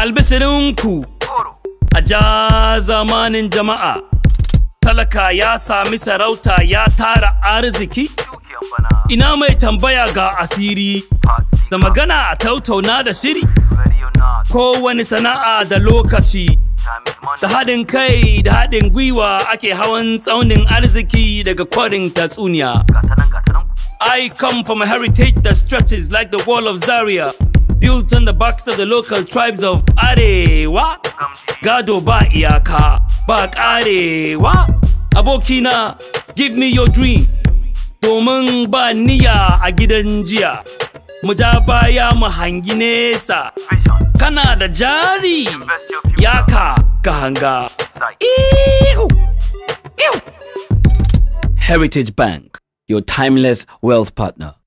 albisirinku a ja zamanin jama'a talaka ya sami sarauta ya tara arziki ina mai tambaya ga asiri da magana a tautauna da shiri kowane sana'a da lokaci da haɗin kai da haɗin gwiwa ake hawan tsaunin arziki daga kwarin tatsuniya I come from a heritage that stretches like the wall of Zaria built on the backs of the local tribes of karewa gado ba iyaka ba karewa abokina give me your dream domin ba niya a gidan jiya mu ja baya mu hangi nesa kana da jari yaka ka hanga ihu heritage bank your timeless wealth partner